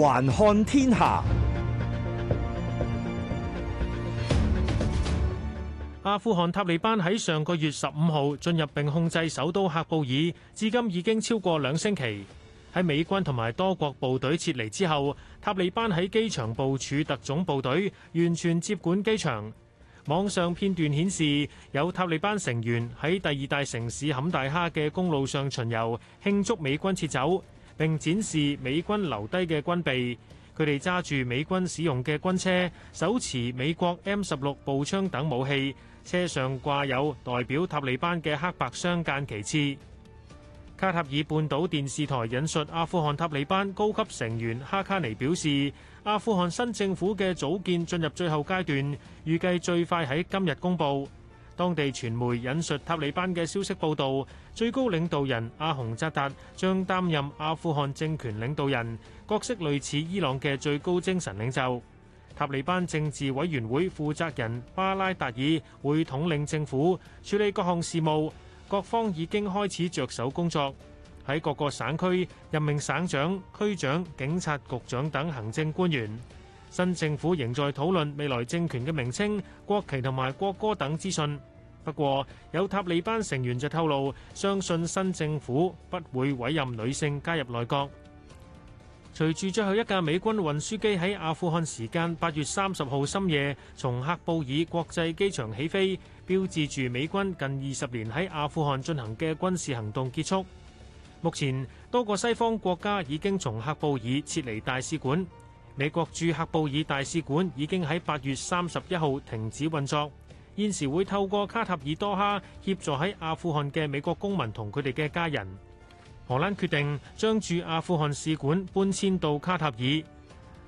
環看天下。阿富汗塔利班喺上個月十五號進入並控制首都喀布爾，至今已經超過兩星期。喺美軍同埋多國部隊撤離之後，塔利班喺機場部署特種部隊，完全接管機場。網上片段顯示，有塔利班成員喺第二大城市坎大哈嘅公路上巡遊，慶祝美軍撤走。並展示美軍留低嘅軍備，佢哋揸住美軍使用嘅軍車，手持美國 M 十六步槍等武器，車上掛有代表塔利班嘅黑白相間旗幟。卡塔爾半島電視台引述阿富汗塔利班高級成員哈卡尼表示，阿富汗新政府嘅組建進入最後階段，預計最快喺今日公布。當地傳媒引述塔利班嘅消息報道，最高領導人阿洪扎達將擔任阿富汗政權領導人，角色類似伊朗嘅最高精神領袖。塔利班政治委員會負責人巴拉達爾會統領政府處理各項事務，各方已經開始着手工作，喺各個省區任命省長、區長、警察局長等行政官員。新政府仍在討論未來政權嘅名稱、國旗同埋國歌等資訊。不過，有塔利班成員就透露，相信新政府不會委任女性加入內閣。隨住最後一架美軍運輸機喺阿富汗時間八月三十號深夜從喀布爾國際機場起飛，標誌住美軍近二十年喺阿富汗進行嘅軍事行動結束。目前，多個西方國家已經從喀布爾撤離大使館，美國駐喀布爾大使館已經喺八月三十一號停止運作。現時會透過卡塔爾多哈協助喺阿富汗嘅美國公民同佢哋嘅家人。荷蘭決定將駐阿富汗使館搬遷到卡塔爾。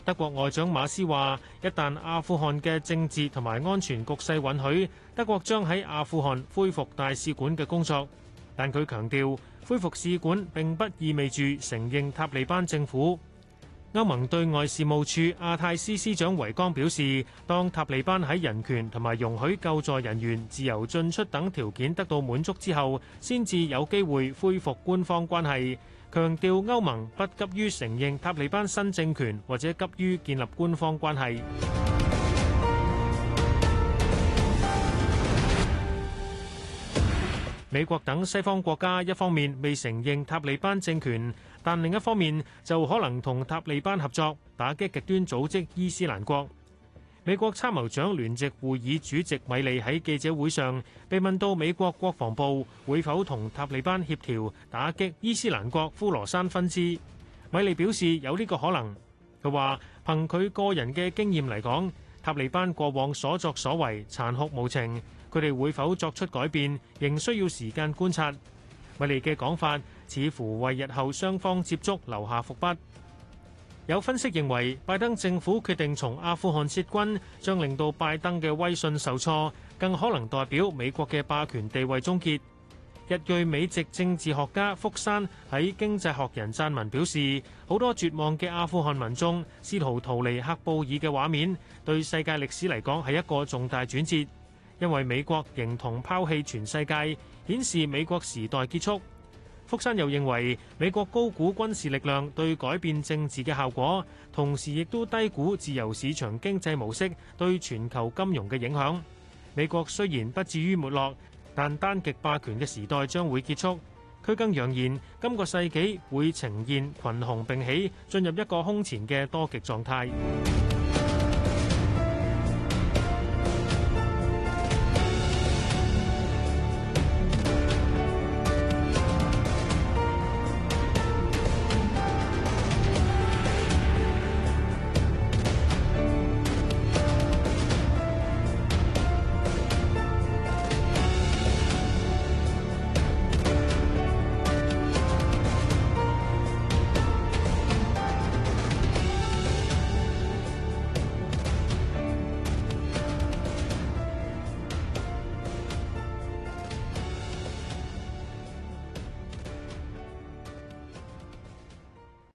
德國外長馬斯話，一旦阿富汗嘅政治同埋安全局勢允許，德國將喺阿富汗恢復大使館嘅工作。但佢強調，恢復使館並不意味住承認塔利班政府。歐盟對外事務處亞太司司長維岡表示，當塔利班喺人權同埋容許救助人員自由進出等條件得到滿足之後，先至有機會恢復官方關係。強調歐盟不急於承認塔利班新政權，或者急於建立官方關係。美國等西方國家一方面未承認塔利班政權。但另一方面，就可能同塔利班合作打擊極端組織伊斯蘭國。美國參謀長聯席會議主席米利喺記者會上被問到美國國防部會否同塔利班協調打擊伊斯蘭國呼羅珊分支，米利表示有呢個可能。佢話憑佢個人嘅經驗嚟講，塔利班過往所作所為殘酷無情，佢哋會否作出改變仍需要時間觀察。米利嘅講法。似乎為日後雙方接觸留下伏筆。有分析認為，拜登政府決定從阿富汗撤軍，將令到拜登嘅威信受挫，更可能代表美國嘅霸權地位終結。日裔美籍政治學家福山喺《經濟學人》撰文表示，好多絕望嘅阿富汗民眾試圖逃離喀布爾嘅畫面，對世界歷史嚟講係一個重大轉折，因為美國形同拋棄全世界，顯示美國時代結束。福山又認為，美國高估軍事力量對改變政治嘅效果，同時亦都低估自由市場經濟模式對全球金融嘅影響。美國雖然不至於沒落，但單極霸權嘅時代將會結束。佢更揚言，今個世紀會呈現群雄並起，進入一個空前嘅多極狀態。